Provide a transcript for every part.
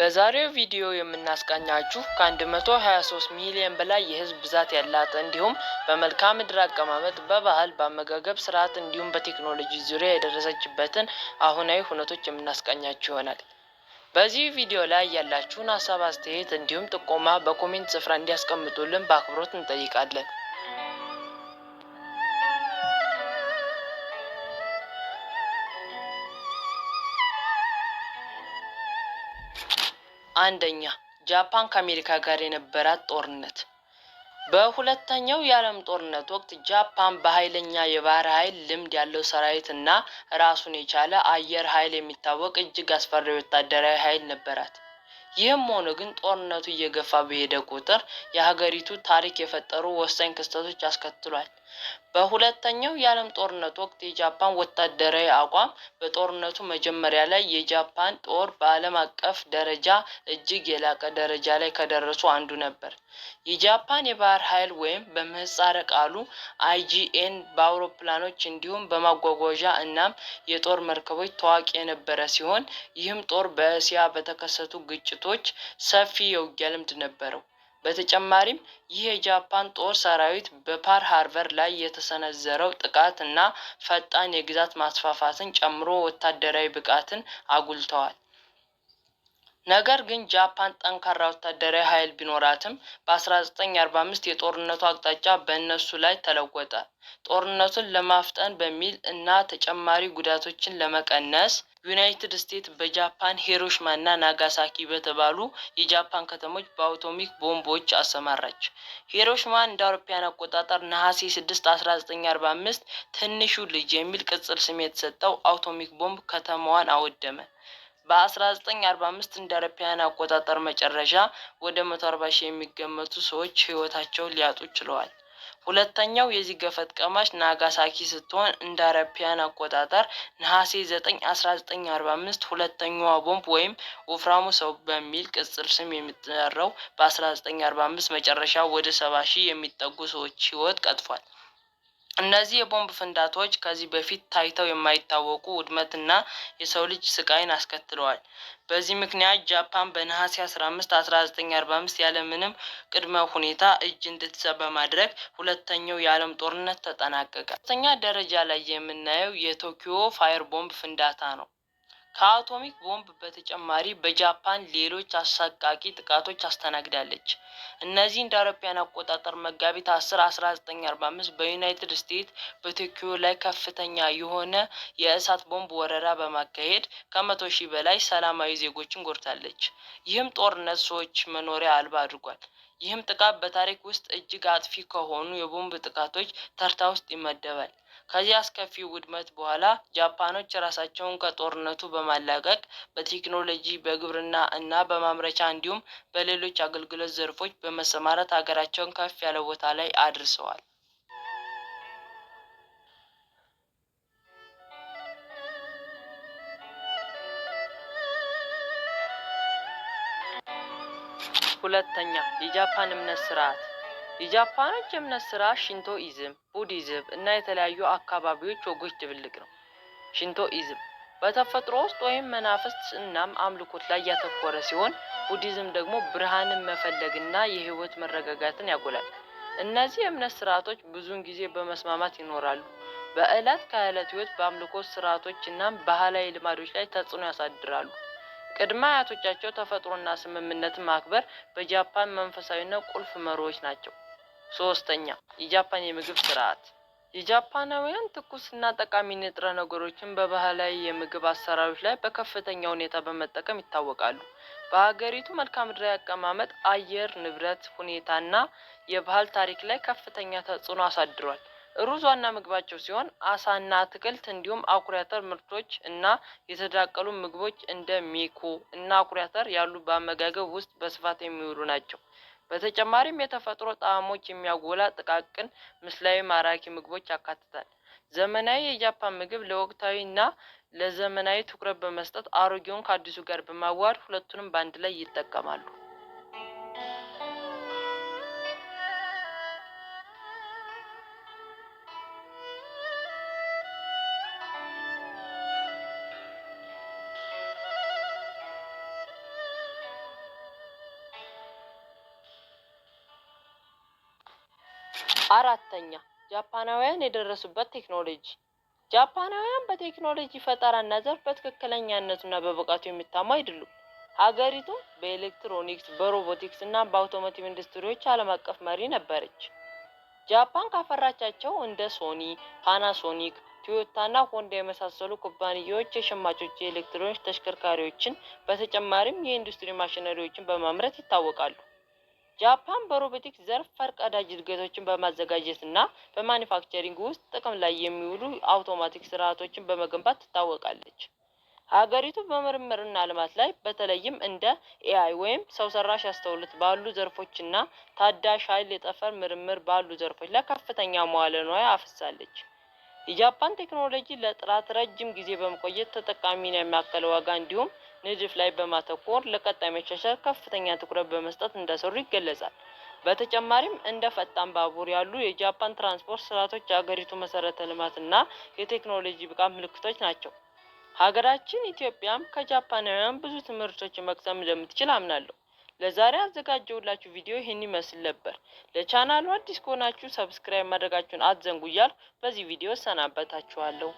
በዛሬው ቪዲዮ የምናስቃኛችሁ ከ123 ሚሊዮን በላይ የህዝብ ብዛት ያላት እንዲሁም በመልክዓ ምድር አቀማመጥ፣ በባህል፣ በአመጋገብ ስርዓት እንዲሁም በቴክኖሎጂ ዙሪያ የደረሰችበትን አሁናዊ ሁነቶች የምናስቃኛችሁ ይሆናል። በዚህ ቪዲዮ ላይ ያላችሁን ሀሳብ፣ አስተያየት እንዲሁም ጥቆማ በኮሜንት ስፍራ እንዲያስቀምጡልን በአክብሮት እንጠይቃለን። አንደኛ ጃፓን ከአሜሪካ ጋር የነበራት ጦርነት። በሁለተኛው የዓለም ጦርነት ወቅት ጃፓን በኃይለኛ የባህር ኃይል ልምድ ያለው ሰራዊት እና ራሱን የቻለ አየር ኃይል የሚታወቅ እጅግ አስፈሪ ወታደራዊ ኃይል ነበራት። ይህም ሆኖ ግን ጦርነቱ እየገፋ በሄደ ቁጥር የሀገሪቱ ታሪክ የፈጠሩ ወሳኝ ክስተቶች አስከትሏል። በሁለተኛው የዓለም ጦርነት ወቅት የጃፓን ወታደራዊ አቋም በጦርነቱ መጀመሪያ ላይ የጃፓን ጦር በዓለም አቀፍ ደረጃ እጅግ የላቀ ደረጃ ላይ ከደረሱ አንዱ ነበር። የጃፓን የባህር ኃይል ወይም በምህጻረ ቃሉ አይጂኤን በአውሮፕላኖች እንዲሁም በማጓጓዣ እናም የጦር መርከቦች ታዋቂ የነበረ ሲሆን ይህም ጦር በእስያ በተከሰቱ ግጭቶች ሰፊ የውጊያ ልምድ ነበረው። በተጨማሪም ይህ የጃፓን ጦር ሰራዊት በፓር ሃርበር ላይ የተሰነዘረው ጥቃት እና ፈጣን የግዛት ማስፋፋትን ጨምሮ ወታደራዊ ብቃትን አጉልተዋል። ነገር ግን ጃፓን ጠንካራ ወታደራዊ ኃይል ቢኖራትም በ1945 የጦርነቱ አቅጣጫ በእነሱ ላይ ተለወጠ። ጦርነቱን ለማፍጠን በሚል እና ተጨማሪ ጉዳቶችን ለመቀነስ ዩናይትድ ስቴትስ በጃፓን ሄሮሽማ እና ናጋሳኪ በተባሉ የጃፓን ከተሞች በአውቶሚክ ቦምቦች አሰማራች። ሄሮሽማ እንደ አውሮፓውያን አቆጣጠር ነሐሴ 6 1945 ትንሹ ልጅ የሚል ቅጽል ስም የተሰጠው አውቶሚክ ቦምብ ከተማዋን አወደመ። በ1945 እንደ አውሮፓውያን አቆጣጠር መጨረሻ ወደ 140 ሺህ የሚገመቱ ሰዎች ህይወታቸውን ሊያጡ ችለዋል። ሁለተኛው የዚህ ገፈት ቀማሽ ናጋሳኪ ስትሆን እንደ አረፒያን አቆጣጠር ነሐሴ 9 1945 ሁለተኛዋ ቦምብ ወይም ወፍራሙ ሰው በሚል ቅጽል ስም የሚጠራው በ1945 መጨረሻ ወደ ሰባ ሺህ የሚጠጉ ሰዎች ህይወት ቀጥፏል። እነዚህ የቦምብ ፍንዳታዎች ከዚህ በፊት ታይተው የማይታወቁ ውድመትና የሰው ልጅ ስቃይን አስከትለዋል። በዚህ ምክንያት ጃፓን በነሐሴ 15 1945 ያለምንም ቅድመ ሁኔታ እጅ እንድትሰጥ በማድረግ ሁለተኛው የዓለም ጦርነት ተጠናቀቀ። ሶስተኛ ደረጃ ላይ የምናየው የቶኪዮ ፋየር ቦምብ ፍንዳታ ነው። ከአቶሚክ ቦምብ በተጨማሪ በጃፓን ሌሎች አሰቃቂ ጥቃቶች አስተናግዳለች። እነዚህ እንደ አውሮፓውያን አቆጣጠር መጋቢት 10 1945 በዩናይትድ ስቴትስ በቶኪዮ ላይ ከፍተኛ የሆነ የእሳት ቦምብ ወረራ በማካሄድ ከመቶ ሺህ በላይ ሰላማዊ ዜጎችን ጎድታለች። ይህም ጦርነት ሰዎች መኖሪያ አልባ አድርጓል። ይህም ጥቃት በታሪክ ውስጥ እጅግ አጥፊ ከሆኑ የቦምብ ጥቃቶች ተርታ ውስጥ ይመደባል። ከዚህ አስከፊ ውድመት በኋላ ጃፓኖች ራሳቸውን ከጦርነቱ በማላቀቅ በቴክኖሎጂ፣ በግብርና እና በማምረቻ እንዲሁም በሌሎች አገልግሎት ዘርፎች በመሰማራት ሀገራቸውን ከፍ ያለ ቦታ ላይ አድርሰዋል። ሁለተኛ የጃፓን እምነት ስርዓት የጃፓኖች እምነት ስርዓት ሽንቶኢዝም፣ ቡዲዝም እና የተለያዩ አካባቢዎች ወጎች ድብልቅ ነው። ሽንቶኢዝም በተፈጥሮ ውስጥ ወይም መናፍስት እናም አምልኮት ላይ ያተኮረ ሲሆን ቡዲዝም ደግሞ ብርሃንን መፈለግና የህይወት መረጋጋትን ያጎላል። እነዚህ የእምነት ስርዓቶች ብዙውን ጊዜ በመስማማት ይኖራሉ። በዕለት ከዕለት ህይወት በአምልኮት ስርዓቶች እናም ባህላዊ ልማዶች ላይ ተጽዕኖ ያሳድራሉ። ቅድመ አያቶቻቸው ተፈጥሮና ስምምነት ማክበር በጃፓን መንፈሳዊና ቁልፍ መሪዎች ናቸው። ሶስተኛ የጃፓን የምግብ ስርዓት የጃፓናውያን ትኩስና ጠቃሚ ንጥረ ነገሮችን በባህላዊ የምግብ አሰራሮች ላይ በከፍተኛ ሁኔታ በመጠቀም ይታወቃሉ። በሀገሪቱ መልክዓ ምድራዊ አቀማመጥ፣ አየር ንብረት ሁኔታና የባህል ታሪክ ላይ ከፍተኛ ተጽዕኖ አሳድሯል። ሩዝ ዋና ምግባቸው ሲሆን አሳና አትክልት እንዲሁም አኩሪ አተር ምርቶች እና የተዳቀሉ ምግቦች እንደ ሚኮ እና አኩሪ አተር ያሉ በአመጋገብ ውስጥ በስፋት የሚውሉ ናቸው። በተጨማሪም የተፈጥሮ ጣዕሞች የሚያጎላ ጥቃቅን ምስላዊ ማራኪ ምግቦች ያካትታል። ዘመናዊ የጃፓን ምግብ ለወቅታዊ እና ለዘመናዊ ትኩረት በመስጠት አሮጌውን ከአዲሱ ጋር በማዋሃድ ሁለቱንም በአንድ ላይ ይጠቀማሉ። አራተኛ ጃፓናውያን የደረሱበት ቴክኖሎጂ ጃፓናውያን በቴክኖሎጂ ፈጠራና ዘርፍ በትክክለኛነቱና በብቃቱ የሚታሙ አይደሉም። ሀገሪቱ በኤሌክትሮኒክስ፣ በሮቦቲክስ እና በአውቶሞቲቭ ኢንዱስትሪዎች ዓለም አቀፍ መሪ ነበረች። ጃፓን ካፈራቻቸው እንደ ሶኒ፣ ፓናሶኒክ፣ ቶዮታ እና ሆንዳ የመሳሰሉ ኩባንያዎች የሸማቾች የኤሌክትሮኒክስ ተሽከርካሪዎችን በተጨማሪም የኢንዱስትሪ ማሽነሪዎችን በማምረት ይታወቃሉ። ጃፓን በሮቦቲክስ ዘርፍ ፈርቀዳጅ እድገቶችን በማዘጋጀት እና በማኒፋክቸሪንግ ውስጥ ጥቅም ላይ የሚውሉ አውቶማቲክ ስርዓቶችን በመገንባት ትታወቃለች። ሀገሪቱ በምርምርና ልማት ላይ በተለይም እንደ ኤአይ ወይም ሰው ሰራሽ አስተውሎት ባሉ ዘርፎች እና ታዳሽ ኃይል የጠፈር ምርምር ባሉ ዘርፎች ላይ ከፍተኛ መዋለ ንዋይ አፍሳለች። የጃፓን ቴክኖሎጂ ለጥራት ረጅም ጊዜ በመቆየት ተጠቃሚን የሚያክል ዋጋ እንዲሁም ንድፍ ላይ በማተኮር ለቀጣይ መሻሻል ከፍተኛ ትኩረት በመስጠት እንደሰሩ ይገለጻል። በተጨማሪም እንደ ፈጣን ባቡር ያሉ የጃፓን ትራንስፖርት ስርዓቶች የሀገሪቱ መሰረተ ልማትና የቴክኖሎጂ ብቃት ምልክቶች ናቸው። ሀገራችን ኢትዮጵያም ከጃፓናውያን ብዙ ትምህርቶችን መቅሰም እንደምትችል አምናለሁ። ለዛሬ አዘጋጀውላችሁ ቪዲዮ ይህን ይመስል ነበር። ለቻናሉ አዲስ ከሆናችሁ ሰብስክራይብ ማድረጋችሁን አትዘንጉ እያልኩ በዚህ ቪዲዮ እሰናበታችኋለሁ።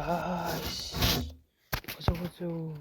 아이씨. 보자 보자.